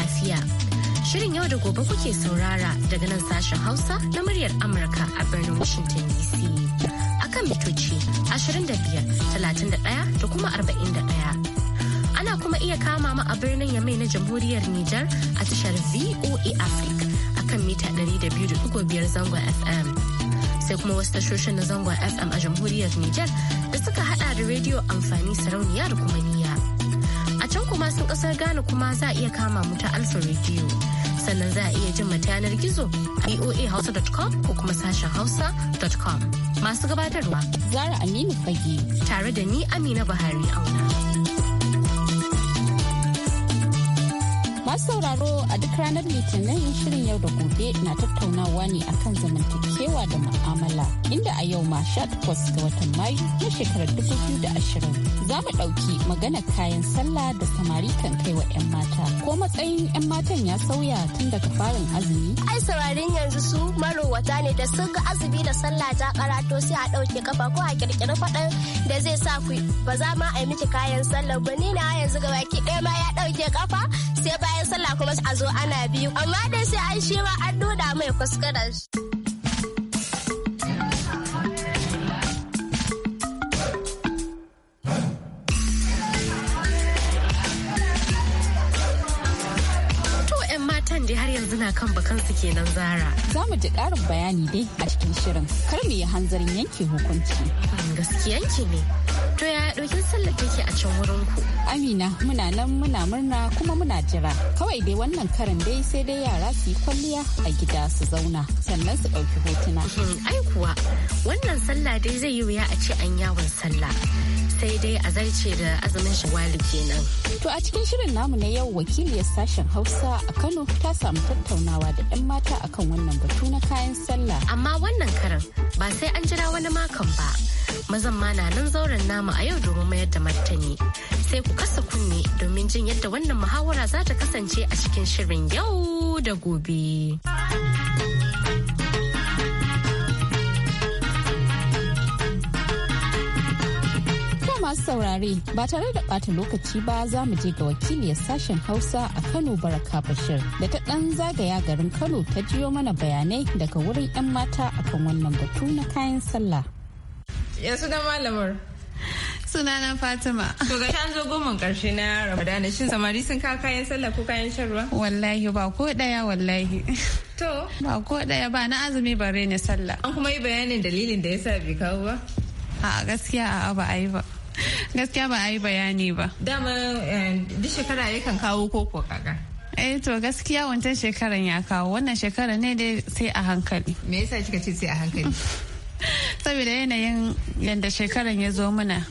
lafiya. Shirin yau da gobe kuke saurara daga nan sashen Hausa na muryar Amurka a birnin Washington DC. Akan mitoci 25, da kuma 41. Ana kuma iya kama ma a birnin Yamai na Jamhuriyar Nijar a tashar VOA Africa a kan mita 200.5 zangon FM. Sai kuma wasu tashoshin na zangon FM a Jamhuriyar Nijar da suka hada da rediyo amfani sarauniya da kuma kasar Ghana kuma za a iya kama mu ta Alfa Radio. Sannan za a iya jin mata yanar gizo a voahausa.com ko kuma sashen hausa.com. Masu gabatarwa Zara Aminu Fage tare da ni Amina Buhari auna. Masu sauraro a duk ranar Litinin shirin yau da gobe na tattaunawa ne akan zamantakewa da mu'amala inda a yau ma 18 ga watan Mayu na shekarar 2020 za mu ɗauki magana kayan sallah da samari kan kai wa 'yan mata ko matsayin 'yan matan ya sauya tun daga farin azumi. Ai saurarin yanzu su marowata ne da sun ga azumi da sallah ta karato sai a ɗauke kafa ko a kirkiri faɗan da zai sa ku ba za ma a yi miki kayan sallah ba ni na yanzu gaba ki ɗaya ma ya ɗauke kafa sai bayan sallah kuma a zo ana biyu amma dai sai an shi ma an nuna mai kuskuren shi. matan har yanzu na kan bakansu kenan zara. Za mu ji ƙarin bayani dai a cikin shirin. Kar mu yi hanzarin yanke hukunci. Gaskiyanki ne. To ya ɗaukin sallar take a can wurin ku? Amina muna nan muna murna kuma muna jira. Kawai dai wannan karin dai sai dai yara su yi kwalliya a gida su zauna sannan su ɗauki hotuna. Ai kuwa wannan sallah dai zai yi wuya a ce an yawon sallah. sai dai a zarce da azumin shawali kenan. To a cikin shirin namu na yau wakiliyar sashen Hausa a Kano ta samu tattaunawa da 'yan mata akan wannan batu na kayan sallah. Amma wannan karin ba sai an jira wani makon ba. mazan ma na nan zauren nama a yau domin mayar da martani sai ku kasa kunne domin jin yadda wannan muhawara za ta kasance a cikin shirin yau da gobe. masu saurare ba tare da ɓata lokaci ba za mu je ga wakiliyar sashen hausa a kano baraka bashir da ta ɗan zagaya garin kano ta jiyo mana bayanai daga wurin 'yan mata akan wannan batu na kayan sallah ya suna malamar sunana fatima to ga shan zo goma karshe na ramadana shin samari sun ka kayan sallah ko kayan shan ruwa wallahi ba ko daya wallahi to ba ko daya ba na azumi bare ne sallah an kuma yi bayanin dalilin da yasa bai kawo ba a gaskiya a ba a yi ba gaskiya ba a yi bayani ba dama eh, duk shekara yakan kawo koko kaga eh to gaskiya wancan shekaran ya kawo wannan shekaran ne dai sai a hankali me yasa kika ce sai a hankali saboda yanayin yadda shekaran ya zo mana.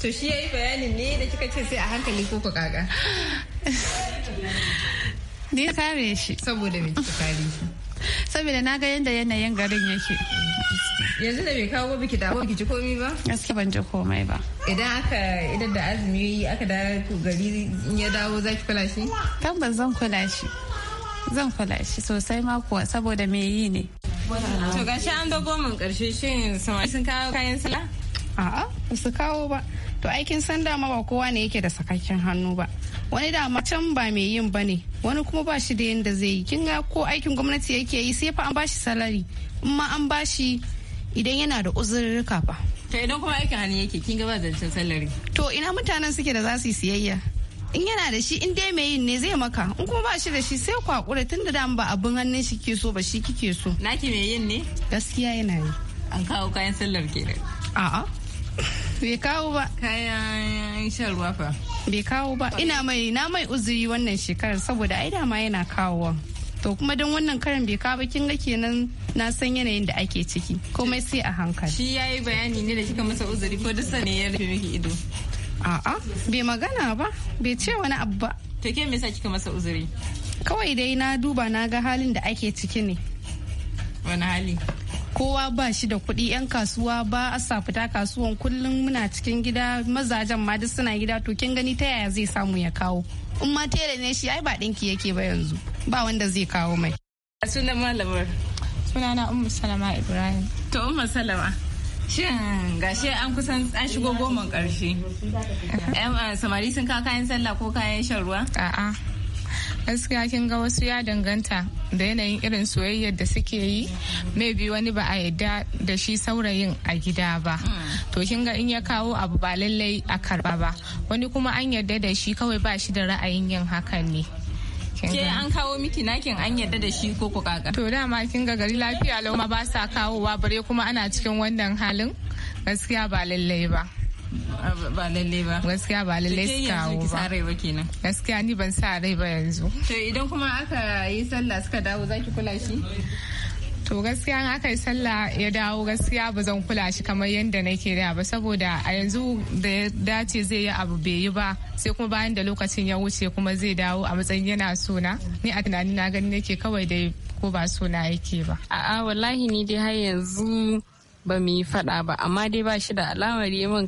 to shi ya yi bayanin ne da kika ce sai a hankali ko ku kaga ni kare shi saboda me kika kare shi saboda na ga yadda yanayin garin yake yanzu da bai kawo biki dawo biki ji komai ba gaskiya ban ji komai ba idan aka idan da azumi aka dawo gari in ya dawo zaki kula shi tabbas zan kula shi zan kula shi sosai ma kuwa saboda me yi ne To gashi an dogo min karshe sun kawo kayan A'a, ba su kawo ba. To aikin sanda ma ba kowa ne yake da sakakken hannu ba. Wani da can ba mai yin ba ne, wani kuma ba shi da yadda zai yi. Kin ga ko aikin gwamnati yake yi sai fa an bashi salari. In ma an bashi idan yana da uzurrika ba. To idan kuma aikin hannu yake kin ga ba zancen salari. To ina mutanen suke da za su yi siyayya? in yana da shi in dai mai yin ne zai maka in kuma ba shi da shi sai kwakura tun da dama ba abin hannun shi ke so ba shi kike so naki mai yin ne gaskiya yana yi an kawo kayan sallar kenan a'a bai kawo ba kayan shan ruwa fa bai kawo ba ina mai na mai uzuri wannan shekarar saboda ai dama yana kawowa to kuma don wannan karin bai kawo kin ga kenan na san yanayin da ake ciki komai sai a hankali shi yayi bayani ne da kika masa uzuri ko duk ne ya rufe miki ido A'a, bai magana ba, bai ce wani abu ba. To ke me yasa kika masa uzuri? Kawai dai na duba na ga halin da ake ciki ne. Wani hali? Kowa ba shi da kuɗi 'yan kasuwa ba a sa fita kasuwan kullum muna cikin gida mazajen ma duk suna gida to kin gani ta yaya zai samu ya kawo. In ma tela ne shi ai ba ɗinki yake ba yanzu ba wanda zai kawo mai. Sunan malamar. Sunana umma Salama Ibrahim. To umma Salama. Shin shi an kusan an shigo goma ƙarshe. Eh, samari sun kawo kayan sallah ko kayan shan ruwa? A'a. gaskiya kin ga wasu ya danganta da yanayin irin soyayyar da suke yi maybe wani ba a yadda da shi saurayin a gida ba hmm. to kin ga in ya kawo abu ba lallai a karba ba wani kuma an yadda da shi kawai ba shi da ra'ayin yin hakan ne ke an kawo miki nakin an yarda da shi ko ku kaka to dama kin ga gari lafiya lau ma ba sa kawowa bare kuma ana cikin wannan halin gaskiya ba lallai ba ba lalle ba gaskiya ba lalle su kawo ba ba kenan gaskiya ni ban sa rai ba yanzu to idan kuma aka yi sallah suka dawo zaki kula shi to gaskiya in aka yi sallah ya dawo gaskiya ba zan kula shi kamar yadda nake da ba saboda a yanzu da ya dace zai yi abu bai yi ba sai kuma bayan da lokacin ya wuce kuma zai dawo a matsayin yana suna ni a tunanin na gani nake kawai dai ko ba sona yake ba a'a wallahi ni dai har yanzu ba mu yi faɗa ba amma dai ba shi da alamar yi min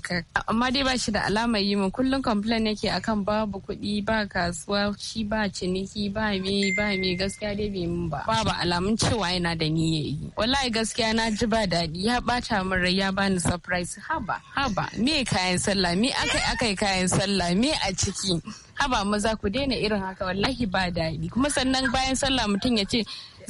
amma dai ba shi da alamar yi min kullum complain yake akan babu kuɗi ba kasuwa shi ba ciniki ba me ba me gaskiya dai bai min ba Ba ba alamun cewa yana da niyya yi wallahi gaskiya na ji ba daɗi ya ɓata min rai ya bani surprise haba haba me kayan sallah me akai akai kayan sallah me a ciki haba maza ku daina irin haka wallahi ba daɗi kuma sannan bayan sallah mutum ya ce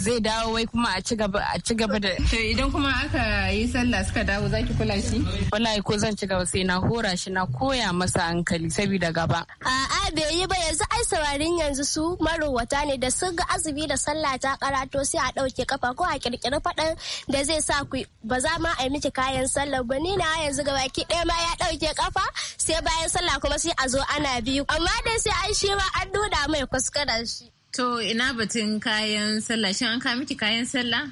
zai dawo wai kuma a ci gaba a ci gaba da to idan kuma aka yi sallah suka dawo zaki kula shi wallahi ko zan ci gaba sai na hora shi na koya masa hankali saboda gaba a'a bai yi ba yanzu ai sawarin yanzu su marowata ne da sun ga azumi da sallah ta karato sai a dauke kafa ko a kirkiri fadan da zai sa ku ba za ma a yi miki kayan sallah ba ni na yanzu gaba ki ɗaya ma ya dauke kafa sai bayan sallah kuma sai a zo ana biyu amma dai sai an shi ma an nuna mai kuskuren shi To ina batun kayan sallah shin an kawo miki kayan sallah?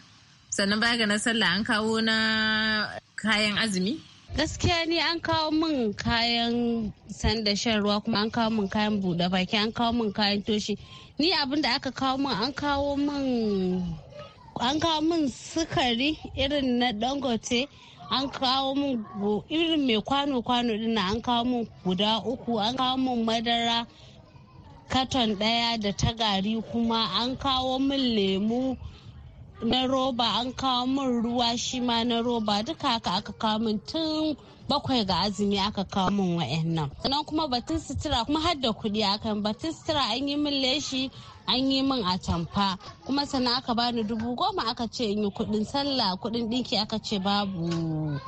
Sannan baya ga na sallah an kawo na kayan azumi? Gaskiya ne an kawo min kayan sanda shan ruwa kuma an kawo min kayan buɗe baki an kawo min kayan toshi. Ni abin da aka kawo min an kawo min an kawo min sukari irin na dangote an kawo min irin mai kwano-kwano din an kawo min guda uku an kawo min madara. katon ɗaya da ta gari kuma an kawo min lemu na roba an kawo min ruwa shi ma na roba duka haka aka kawo min tun bakwai ga azumi aka kawo min wa'annan sannan kuma batun sutura kuma har da kuɗi akan batun sutura an yi min leshi an yi min atamfa kuma sannan aka bani dubu goma aka ce in yi kuɗin sallah kuɗin ɗinki aka ce babu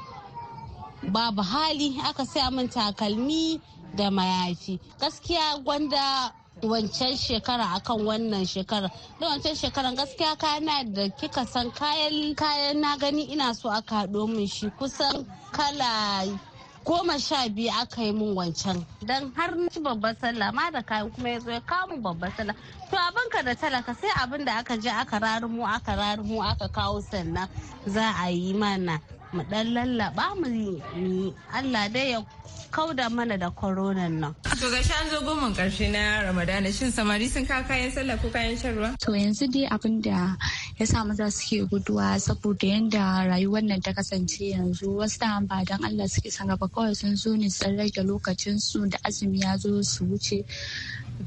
babu hali aka saya min takalmi da mayafi gaskiya gwanda wancan shekara akan wannan shekara da wancan shekaran gaskiya kayana da kika san kayan kayan na gani ina so aka haɗo min shi kusan kala goma sha biyu aka yi min wancan don har ci babbar sallah ma da kayan kuma ya zo ya kawo babbar sallah to abin ka da talaka sai abin da aka je aka rarumu aka rarumu aka kawo sannan za a yi mana mu dan lallaba mu Allah dai ya kauda mana da koronan nan. To ga shan zo gomin karshe na Ramadana shin samari sun ka kayan sallah ko kayan shan To yanzu dai abin da ya sa maza suke guduwa saboda yanda rayuwar nan ta kasance yanzu wasu da ba dan Allah suke san ba kawai sun zo ne sun da lokacin su da azumi ya zo su wuce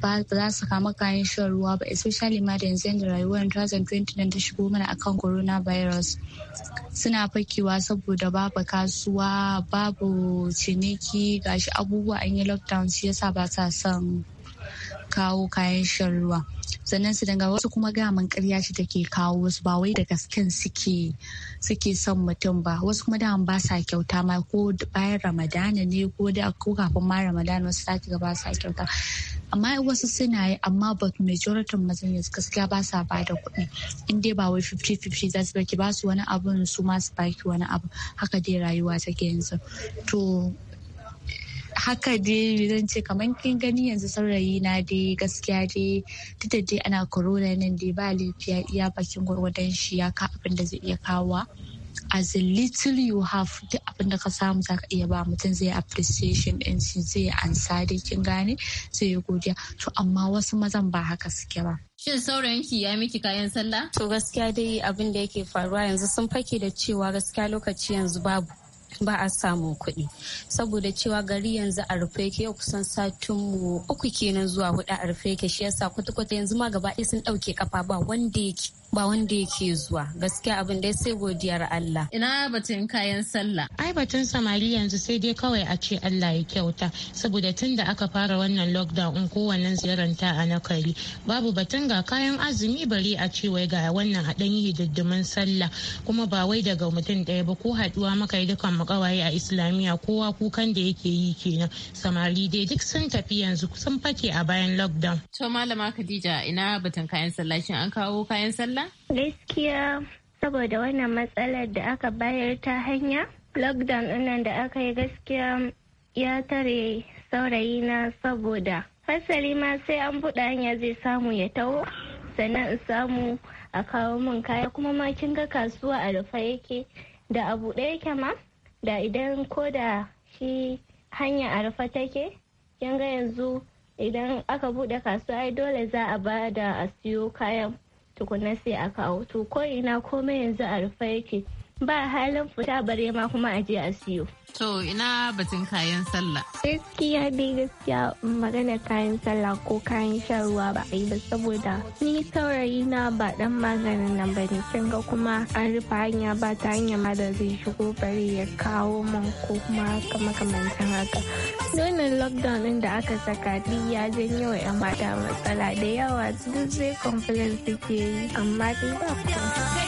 ba za su kama kayan shan ruwa ba especially ma da yanzu yanda rayuwar 2020 nan ta shigo mana akan coronavirus suna fakewa saboda babu kasuwa babu ciniki gashi abubuwa an yi lockdown shi yasa ba sa son kawo kayan shan ruwa sannan su danga wasu kuma mun karya shi take kawo wasu ba wai da gasken suke suke son mutum ba wasu kuma daman ba sa kyauta ma ko bayan ramadana ne ko da ko kafin ma ramadana wasu sake ga ba sa kyauta amma wasu suna yi amma but majority mazan yanzu gaskiya ba sa ba da kuɗi in dai ba wai 50-50 za su baki ba su wani abun su ma su baki wani abu haka dai rayuwa take yanzu to haka dai zan ce kamar kin gani yanzu saurayi na dai gaskiya dai duk da dai ana corona nan dai ba lafiya iya bakin gwargwadon shi ya ka abin da zai iya kawo as a little you have duk abin da ka samu za ka iya ba mutum zai appreciation din shi zai ansa dai kin gane zai yi godiya to amma wasu mazan ba haka suke ba Shin saurayinki ya miki kayan sallah? To gaskiya dai abin da yake faruwa yanzu sun fake da cewa gaskiya lokaci yanzu babu. ba a samu kuɗi saboda cewa gari yanzu a rufe yake yau kusan satin mu uku kenan zuwa hudu a rufe yake shi yasa kwata-kwata yanzu ma gaba sun ɗauke kafa ba wanda yake ba wanda yake zuwa gaskiya abin dai sai godiyar Allah. Ina batun kayan sallah. Ai batun samari yanzu sai dai kawai a ce Allah ya kyauta saboda tun da aka fara wannan lockdown in ziyaranta a nakari babu batun ga kayan azumi bari a ce wai ga wannan haɗan yi hididdimin sallah kuma ba wai daga mutum ɗaya ba ko haɗuwa maka yi dukan samu kawaye a islamiyya kowa kukan da yake yi kenan samari dai duk sun tafi yanzu sun fake a bayan lockdown. to malama khadija ina batun kayan sallah shin an kawo kayan sallah. gaskiya saboda wannan matsalar da aka bayar ta hanya lockdown ɗinnan da aka yi gaskiya ya tare saurayi na saboda fasali ma sai an buɗe hanya zai samu ya taho sannan in samu a kawo min kaya kuma ma kin ga kasuwa a rufe yake da abu ɗaya yake ma da idan ko da shi hanya a rufe take kin ga yanzu idan aka bude kasuwa ai dole za a ba da a siyo kayan tukunna sai a kawo to ko ina komai yanzu a rufe yake ba halin fita bare ma kuma a je a siyo. To ina batun kayan sallah. Gaskiya dai gaskiya magana kayan sallah ko kayan shan ruwa ba a yi ba saboda ni saurayi na ba dan maganin nan ba ne kin ga kuma an rufe hanya ba ta hanya ma da zai shigo bare ya kawo man ko kuma makamantan haka. Donin lockdown din da aka saka ni ya janyo wa 'yan mata matsala da yawa duk zai complain suke yi amma dai ba ku.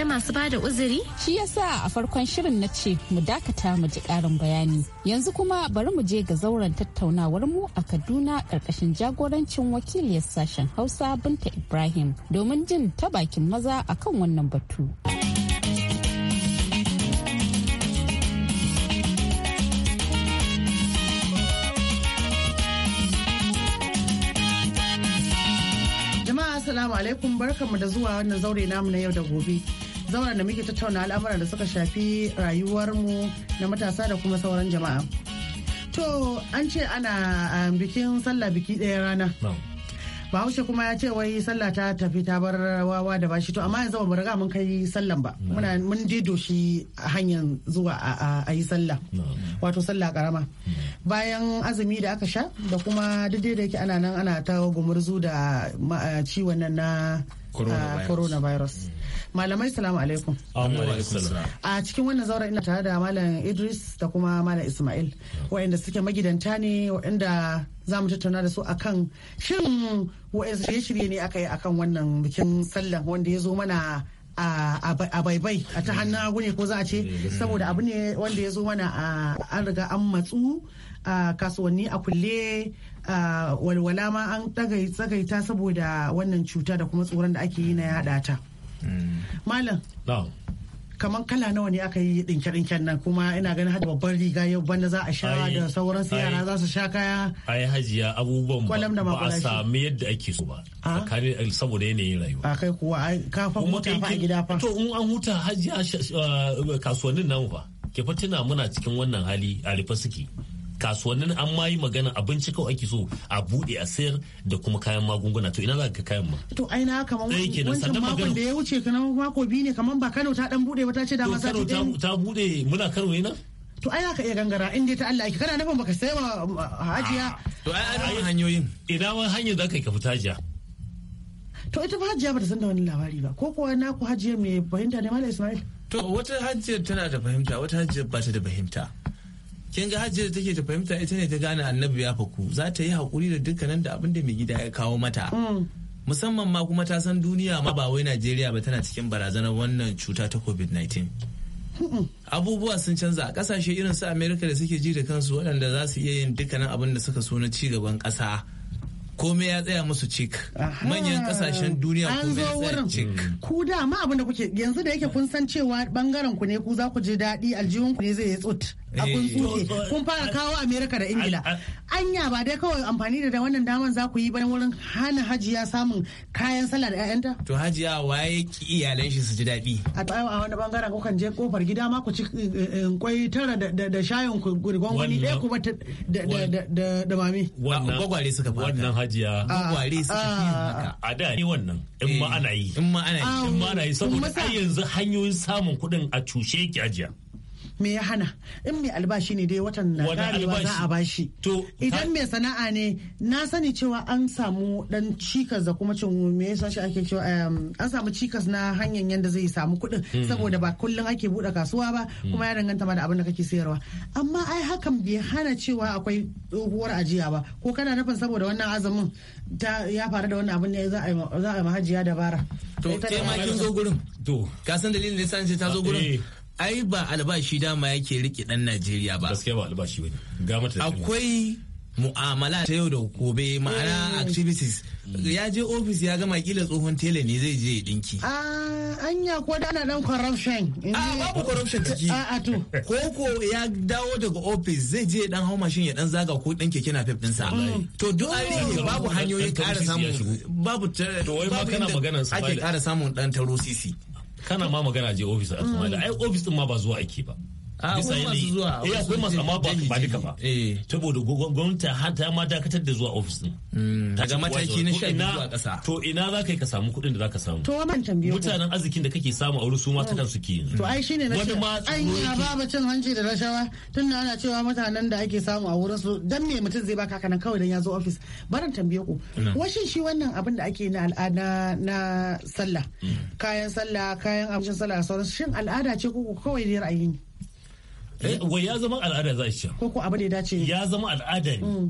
akwai masu bada uzuri? Shi yasa a farkon shirin na ce mu dakata mu ji ƙarin bayani. Yanzu kuma bari mu je ga zauren tattaunawar mu a Kaduna ƙarƙashin jagorancin wakiliyar sashen Hausa Binta Ibrahim domin jin ta bakin maza akan wannan batu. Assalamu alaikum barkamu da zuwa wannan zaure namu na yau da gobe. zauren da muke tattauna al'amuran da suka shafi rayuwarmu na matasa da kuma sauran jama'a. To an ce ana um, bikin sallah biki ɗaya rana. Bahaushe kuma ya ce wai sallah ta tafi ta bar wawa da bashi to amma yanzu ba riga mun kai sallan ba mun dido shi hanyar zuwa a yi sallah wato sallah karama bayan azumi da aka sha da kuma duk da yake ana nan ana ta gumurzu da ciwon na coronavirus ah, mm. malamai salamu alaikum a cikin wannan zaura ina tare da malam idris da kuma malam ismail waɗanda suke magidanta ne waɗanda za mu tattauna da su akan shin waɗansu shirye-shirye ne aka yi akan wannan bikin sallan wanda ya zo mana a baibai a ta hannun agu ne ko za a ce eh, saboda abu ne wanda ya zo mana a an riga an matsu a kasuwanni a kulle walwala ma an tsagaita saboda wannan cuta da kuma tsoron da ake yi na yada ta. malam kamar kala nawa ne aka yi dinke dinken nan kuma ina ganin hada babban riga yau banda za a sha da sauran yara za su sha kaya ai hajiya abubuwan ba a sami yadda ake so ba ah? tsakanin eh, saboda yanayin rayuwa a kai kuwa ka fa huta fa gida fa to in an huta hajiya ah, kasuwannin nan fa ke fa tuna muna cikin wannan hali a suke kasuwannin an ma yi magana abinci kawai ake so a bude a sayar da kuma kayan magunguna to ina za ka kayan ma to ai na kamar wancan makon da ya wuce kana mako biyu ne kamar ba Kano ta dan bude ba ta ce da masa ta ta bude muna Kano ne na to ai ka iya gangara in dai ta Allah ake kana nufin baka sayar wa um, hajiya ah. to ai yin hanyoyin idan wani hanyar za ka yi ka fita hajiya to ita ba hajiya ba ta san da wani labari ba ko kuwa na ku hajiya mai fahimta ne malam Ismail to wata hajiyar tana da fahimta wata hajiyar ba ta da fahimta kin ga hajjiyar da take ta fahimta ita ne ta gane annabi ya faku za ta yi hakuri da dukkanin da abin da mai gida ya kawo mata mm. musamman ma kuma ta san duniya ma ba wai Najeriya ba tana cikin barazanar wannan cuta ta COVID-19 abubuwa sun canza a kasashe irin su America da suke ji da kansu waɗanda za su iya yin dukkanin abin da suka so na ci gaban ƙasa komai ya tsaya musu cik manyan kasashen duniya komai ya tsaya cik mm. ku da ma abin da kuke yanzu da yake kun san cewa bangaren ku ne ku za ku je daɗi aljihun ku ne zai yi tsut a kun eh, eh. kun fara kawo amerika da ingila anya ba dai kawai amfani da wannan daman za ku yi bane wurin hana hajiya samun kayan sallah da 'ya'yanta to hajiya waye ki iyalan shi su ji daɗi a a wani ko kan je kofar gida ma ku ci eh, kwai tara da shayin ku gurgon wani ɗaya ku bata da mami gwagware suka fara wannan hajiya gwagware suka fi ah, ah. haka a da ni wannan in ma ana yi in ma ana yi ah, in ma ana yi saboda ai yanzu hanyoyin samun kuɗin a cushe ki hajiya me ya hana in mai albashi ne dai watan na karewa za a bashi idan mai sana'a ne na sani cewa an samu dan cikas da kuma cin me yasa shi ake cewa um, an samu cikas na hanyar yanda zai samu kuɗin hmm. saboda ba kullum ake buɗe kasuwa ba hmm. kuma ya danganta ma da abin da kake sayarwa amma ai hakan bai hana cewa akwai tsohuwar ajiya ba ko kana nufin saboda wannan azumin ta ya faru da wannan abin ne za a yi mahajiya dabara to kai ma kin zo gurin to ka san dalilin da yasa ta zo gurin eh. ai ba albashi dama yake rike dan Najeriya ba. Gaskiya ba albashi ba ne. akwai mu'amala ta yau da gobe ma'ana mm. activities mm. ya je ofis ya gama kila tsohon tele ne zai je ya dinki. Ah, anya ko da ana dan corruption. A ah, babu corruption ciki. A ah, a to. Koko ya dawo daga ofis zai je dan hau mashin ya dan zaga ko dan keke na fef sa. To duk an babu hanyoyin ƙara samun babu ma kana maganar ake kara samun dan taro sisi. kana ma magana je ofis a kamala ai ofis din ma ba zuwa ake ba bisa yanayi eh akwai masu amma ba ba duka ba eh. saboda gwamnati har ta ma dakatar da zuwa ofis din ta hmm. ga mataki na sha biyu zuwa kasa to ina za ka yi ka samu kuɗin da za ka samu to wannan tambayo mutanen arzikin da kake samu a wurin su ma ta kansu ke to ai shine na wani ma ai ina babu cin hanci da rashawa tun ana cewa mutanen da ake samu a wurin su dan me mutum zai baka kana kawai dan ya zo ofis barin tambaye ku washin shi wannan abin da ake na al'ada na sallah hmm. kayan sallah kayan abincin sallah sauransu shin al'ada ce ko kawai ne ra'ayi ne Eh, eh? wai ya zama al'ada za a ce ko ko abu da ya dace ya zama al'ada ne mm.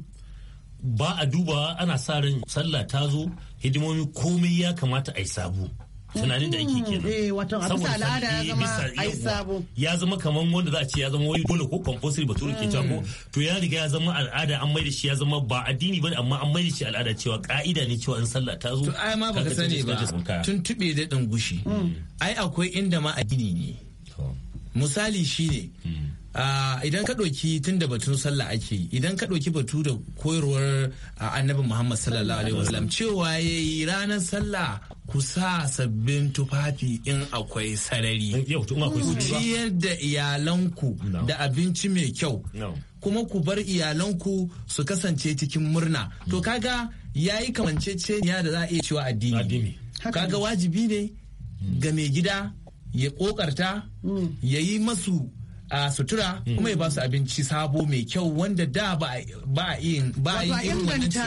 ba a duba ana sa ran sallah ta zo hidimomi komai ya kamata a yi sabu tunanin da ake mm. kenan eh, bisa al'ada ya zama a yi sabu. ya zama kaman wanda za a ce ya zama wai dole ko compulsory ba turu ke cewa ko mm. to ya riga ya zama al'ada an mai da shi ya zama ba addini bane amma an mai da shi al'ada cewa ka'ida ne cewa in sallah ta zo to ai ma baka sani ba tun tube da dan gushi ai akwai inda ma addini ne misali shine Ah, idan ka ɗauki tun da batun sallah ake idan ka ɗauki batu da koyarwar ah, annabi muhammad sallallahu alaihi wasallam cewa ya yi ranar sallah ku sa sabbin tufafi in akwai sarari ku ciyar da iyalanku da abinci mai kyau kuma ku bar iyalanku su kasance cikin murna to mm. kaga yayi kamanceceniya da za a iya cewa addini kaga wajibi ne mm. ga mai gida ya kokarta mm. ya yi masu a sutura kuma ya ba su abinci sabo mai kyau wanda da ba a yin ba a yin inganta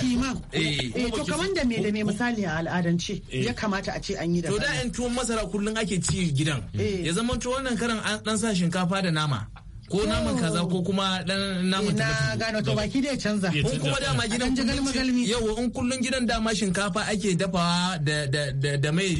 kima eh, eh, to kaman da me da me misali a al'adance eh. ya kamata a ce an yi da to da yan tuwon masara kullun ake ci gidan ya zama to wannan karan an dan sa shinkafa da nama ko naman kaza ko kuma dan naman ta eh, na gano to baki dai canza ko kuma dama gidan galmi galmi yau in kullun gidan dama shinkafa ake dafawa da da da mai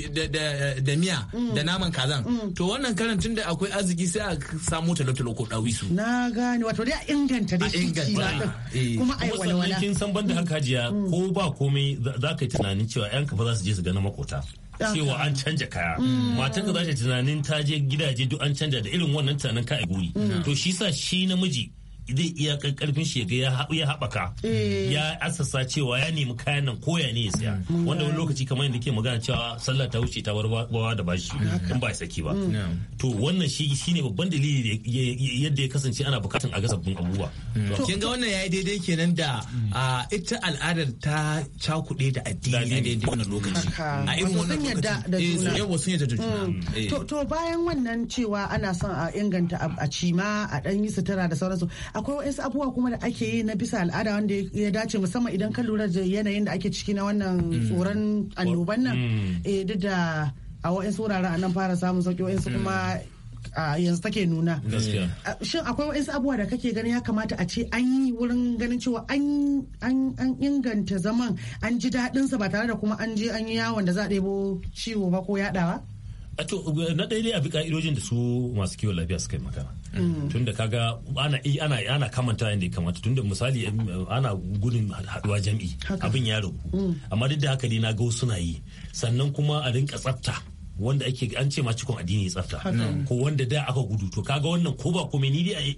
da miya mm. da naman kazan mm. to wannan karan tunda akwai arziki sai a samu talotalo ko dawisu na gane wato dai a inganta da shi eh. kuma ai walwala kin san banda mm. haka hajiya ko ba komai za ka yi tunanin cewa yan ba za su je su ga na makota cewa an canja kaya mm. matan ka za ta tunanin ta je gidaje duk an canja da irin wannan tunanin ka a guri mm. to shi sa shi namiji zai iya karfin shiga ya haɓaka eh. ya asasa cewa ya nemi kayan nan koya ne ya saya mm. wanda wani lokaci kamar yadda ke magana cewa sallah ta wuce ta warwa da bashi in ba saki ba mm. to wannan shi shine babban dalili yadda ya kasance ana bukatan a ga sabbin abubuwa mm. kin ga wannan yayi daidai kenan da ita al'adar ta cakuɗe da addini a daidai wannan lokaci a irin wannan lokaci eh, yawa sun yadda da juna eh. to bayan wannan cewa ana son a inganta a cima a dan yi sutura da sauransu akwai wasu abubuwa kuma da ake yi na bisa al'ada wanda ya dace musamman idan ka lura da yanayin da ake ciki na wannan mm. tsoron annoban nan mm. eh, duk da a wa'insu wuraren a nan fara samun sauki wa'insu kuma mm. yanzu take nuna. Shin akwai waɗansu abubuwa da kake gani ya kamata a ce an yi wurin ganin cewa an inganta zaman an ji daɗinsa ba tare da kuma an je an yi yawon da za a ɗebo ciwo ba ko yaɗawa? to na ɗaya dai a bi ka'idojin da su masu kiwon lafiya suka yi magana mm. tun da kaga ana ana ana kamanta inda ya kamata tun da misali ana gudun haduwa jam'i abin ya rabu mm. amma duk da haka dai na ga suna yi sannan kuma a rinka tsafta wanda ake an ce ma cikon addini ya tsafta ko wanda da aka gudu to kaga wannan ko ba kuma ni dai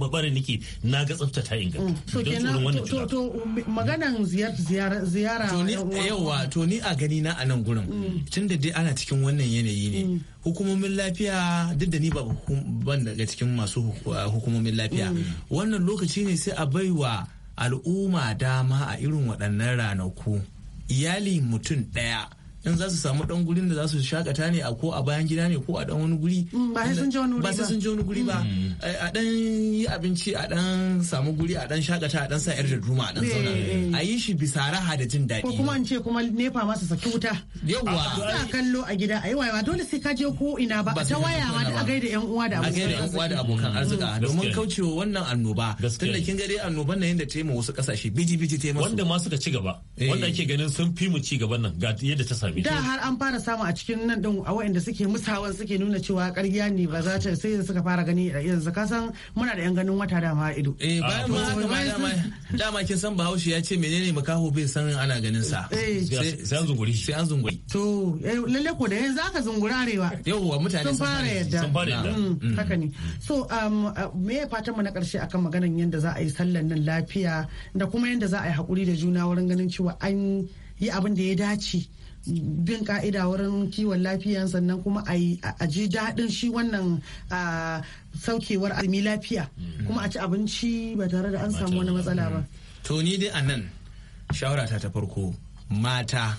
babarin nake na ga tsafta ta inganta mm. to kenan to maganan ziyara ni yawa to ni a gani na a nan gurin mm. tunda dai ana cikin wannan yanayi ne mm. hukumomin lafiya duk da ni ba ban daga cikin masu uh, hukumomin lafiya wannan lokaci ne sai a baiwa al'umma dama a irin waɗannan ranaku iyali mutum ɗaya in za su samu dan gurin da za su shakata ne a ko a bayan gida ne ko a dan wani guri mm, ba sai sun je wani guri ba sai sun je wani guri ba mm. a dan yi abinci a dan samu guri a dan shakata a dan sa yar da duma a dan eh, zauna eh. a yi shi bisa raha da jin daɗi ko kuma in ce kuma nefa masa saki wuta yawa sa kallo a gida ayi wayewa dole sai ka je ko ina ba ta waya ma da a gaida yan uwa da abokan arziki a gaida yan uwa da abokan mm. arziki domin kaucewa wannan annoba da kin ga dai annoban nan yadda ta yi wasu kasashe biji biji ta yi wanda ma suka ci gaba eh. wanda ake ganin sun fi mu ci gaban nan ga yadda ta same da har an fara samu a cikin nan din a waɗanda suke musawan suke nuna cewa ƙarya ne ba za ta sai suka fara gani a yanzu ka san muna da yan ganin wata dama ido eh bayan ma ma dama dama kin san Bahaushe ya ce menene makaho bai san ana ganin eh, sa sai an zunguri sai an zunguri to eh, lalle ko da yanzu aka zungurarewa yauwa mutane sun fara yadda sun fara yadda mm, mm. haka ne so um, uh, me ya fatan mu na karshe akan maganan yadda za a yi sallan nan lafiya da kuma yadda za a yi hakuri da juna wurin ganin cewa an yi abin da ya dace bin ka'ida wurin kiwon lafiya sannan kuma a ji daɗin shi wannan saukewar azumi lafiya mm. kuma a ci abinci ba tare da an samu wani matsala ba. To ni dai a nan shawara ta farko mata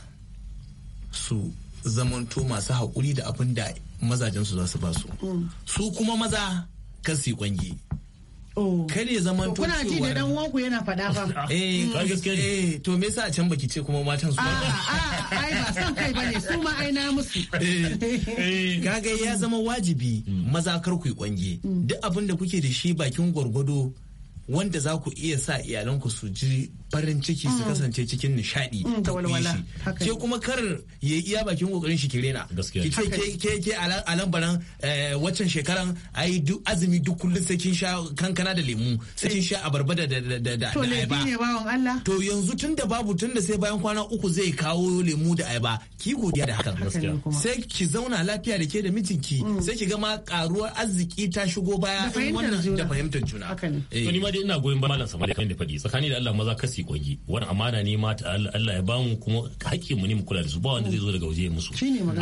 su zamanto masu haƙuri da abin da mazajensu za su ba su. Mm. Su kuma maza kan su yi kwangi. Oh. kar ya zama to kuna ji da dan uwanku yana fada ba eh eh to me yasa a can baki ce kuma matan su a a ah, ah, ah, ai ba san kai bane su ma ai na musu eh, eh, kaga ya zama wajibi maza kar ku yi kwange mm. duk abin da kuke da shi bakin gwargwado wanda za ku iya sa iyalanku su ji farin ciki su mm. kasance cikin nishadi mm, ta walwala ke kuma kar ya yi iya bakin kokarin shi ki rena ki ce ke ke a lambaran eh, waccan shekaran ai duk azumi duk kullun sai kin sha kankana da lemu sai kin sha abarba da da da to ne bawon Allah to yanzu tunda babu tunda sai bayan kwana uku zai kawo lemu da ayaba ki godiya da hakan sai ki zauna lafiya da ke da mijinki mm. sai ki ga ma karuwar arziki ta shigo baya wannan da fahimtar juna eh. to ni ma dai ina goyon ba malam sama da kan da faɗi tsakani da Allah maza kasi suke kwangi wani amana ne ma Allah ya bamu kuma hakki mu ne mu kula da su ba wanda zai zo daga waje musu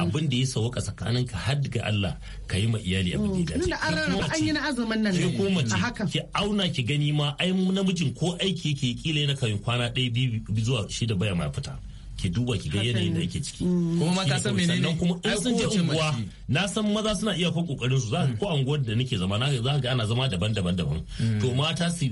abin da ya sauka tsakanin ka har ga Allah ka yi ma iyali abin da ya dace an yi na azumin nan ne ko ki auna ki gani ma ai namijin ko aiki yake kila yana kan kwana ɗaya biyu zuwa shida baya ma fita ki duba ki ga yanayin da yake ciki mm. kuma mata san menene sannan kuma in sun je unguwa na san maza suna iya kon kokarin su ka ko unguwar da nake zama na ga ana zama daban-daban daban mm. to mata su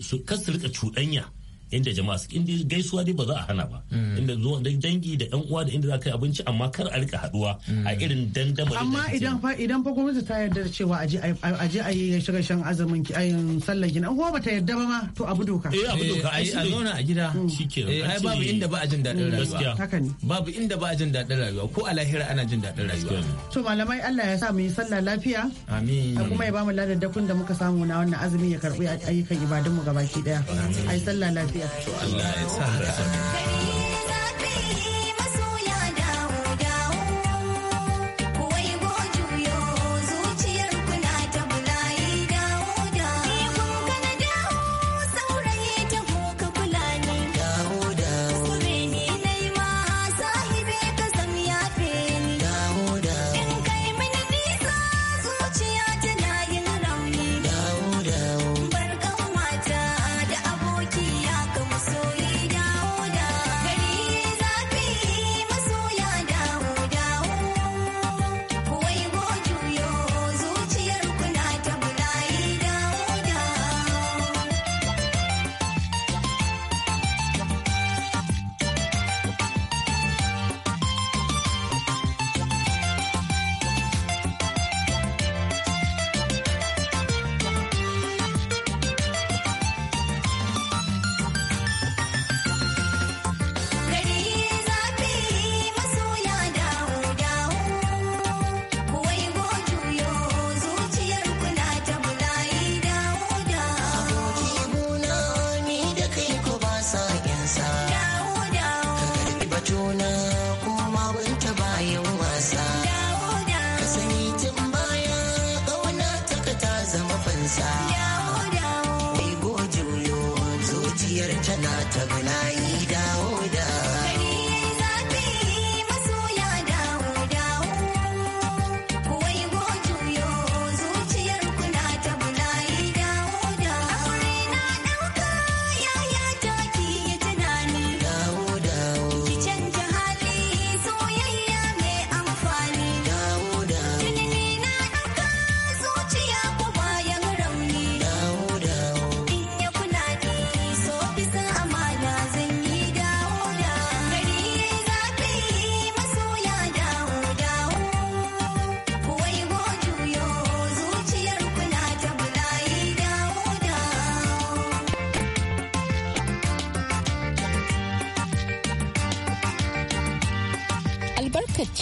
su kasu rika cuɗanya inda jama'a inda gaisuwa dai ba za a hana ba mm. inda zuwa da dangi da yan uwa da inda za ka yi abinci amma kar a rika haduwa mm. a irin dandamali amma idan fa idan fa gwamnati ta yarda da cewa aje aje a yi shiga shan azumin ki ayin sallar gina ko ba ta yarda ba ma to abu doka eh abu doka ai eh, a zauna a gida mm. shikenan eh, ai babu inda ba a jin dadin rayuwa haka ne babu inda ba a jin dadin rayuwa ko a lahira ana jin dadin rayuwa to malamai Allah ya sa mu yi sallah lafiya amin kuma ya ba mu ladadakun da muka samu na wannan azumin ya karbi ayyukan ibadun mu gabaki daya ai sallah lafiya lafiya. To Allah ya sa haka.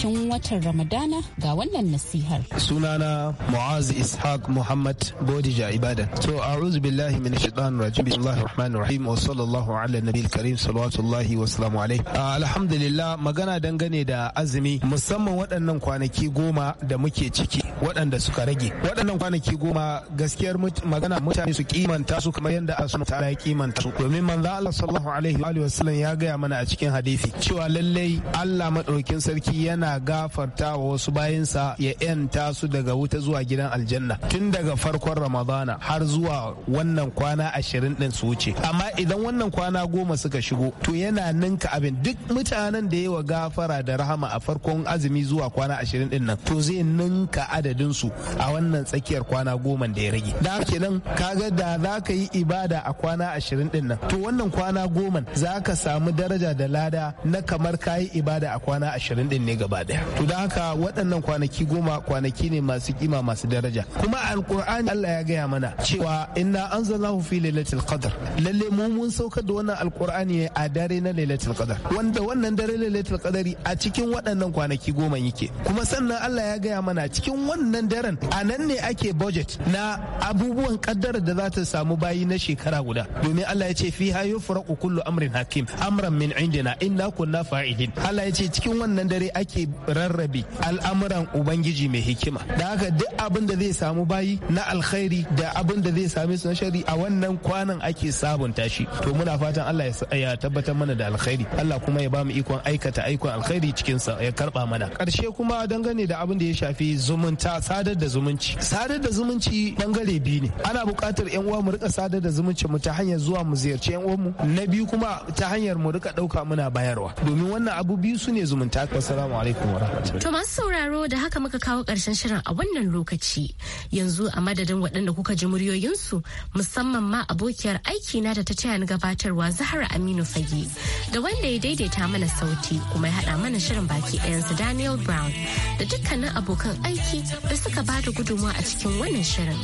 albarkacin watan Ramadana ga wannan nasihar. Sunana Mu'az Ishaq Muhammad Bodija Ibadan. To a'udhu billahi min shaitan rajim bismillahir rahmanir rahim wa sallallahu ala nabiyil karim salawatullahi wa salamu alayhi. Ah, alhamdulillah magana dangane da azumi musamman waɗannan kwanaki goma da muke ciki waɗanda suka rage waɗannan kwanaki goma gaskiyar magana mutane su kimanta su kamar yadda a subhanahu ta'ala kimanta su domin manzo Allah sallallahu alaihi wa sallam ya gaya mana a cikin hadisi cewa lallai Allah madaukin sarki yana gafarta wa wasu bayansa ya yanta su daga wuta zuwa gidan aljanna tun daga farkon Ramadana har zuwa wannan kwana ashirin din su wuce amma idan wannan kwana goma suka shigo to yana ninka abin duk mutanen da yawa gafara da rahama a farkon azumi zuwa kwana ashirin din nan to zai ninka adadin adadin su a wannan tsakiyar kwana goma da ya rage da ke nan kaga da za ka yi ibada a kwana ashirin din nan to wannan kwana goma za ka samu daraja da lada na kamar ka yi ibada a kwana ashirin din ne gaba daya to da haka waɗannan kwanaki goma kwanaki ne masu kima masu daraja kuma alkur'ani Allah ya gaya mana cewa inna anzalahu fi lailatul qadr lalle mu mun saukar da wannan alkur'ani a dare na lailatul qadr wanda wannan dare lailatul qadari a cikin waɗannan kwanaki goma yake kuma sannan Allah ya gaya mana cikin wannan daren a nan ne ake budget na abubuwan kaddara da za ta samu bayi na shekara guda domin Allah ya ce fi hayo faraku kullu amrin hakim amran min indina inna kunna fa'ilin Allah ya ce cikin wannan dare ake rarrabe al'amuran ubangiji mai hikima da haka duk abin da zai samu bayi na alkhairi da abin da zai same su na shari a wannan kwanan ake sabunta shi to muna fatan Allah ya tabbatar mana da alkhairi Allah kuma ya bamu ikon aikata aikon alkhairi cikin sa ya karba mana karshe kuma dangane da abin da ya shafi zumunta sadar da zumunci sadar da zumunci bangare biyu ne ana bukatar yan uwa mu rika sadar da zumunci mu ta hanyar zuwa mu ziyarci yan mu na biyu kuma ta hanyar mu rika ɗauka muna bayarwa domin wannan abu biyu su ne zumunta assalamu alaikum wa rahmatullahi to masu sauraro da haka muka kawo karshen shirin a wannan lokaci yanzu a madadin waɗanda kuka ji muryoyinsu musamman ma abokiyar aiki na da ta taya ni gabatarwa Zahra Aminu Fage da wanda ya daidaita mana sauti kuma ya haɗa mana shirin baki ɗayansa Daniel Brown da dukkanin abokan aiki da suka ba da gudunmawa a cikin wannan shirin.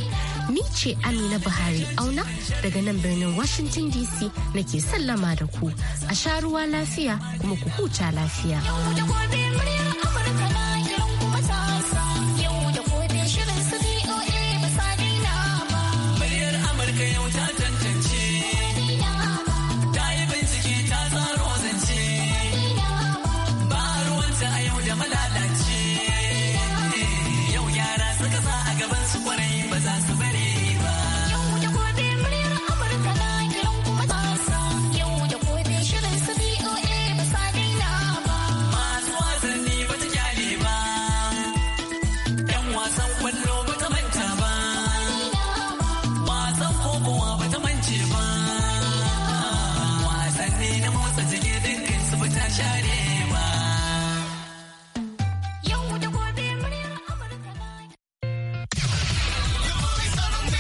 Ni ce Amina Buhari auna daga nan birnin Washington DC nake sallama da ku. A sha ruwa lafiya kuma ku huta lafiya.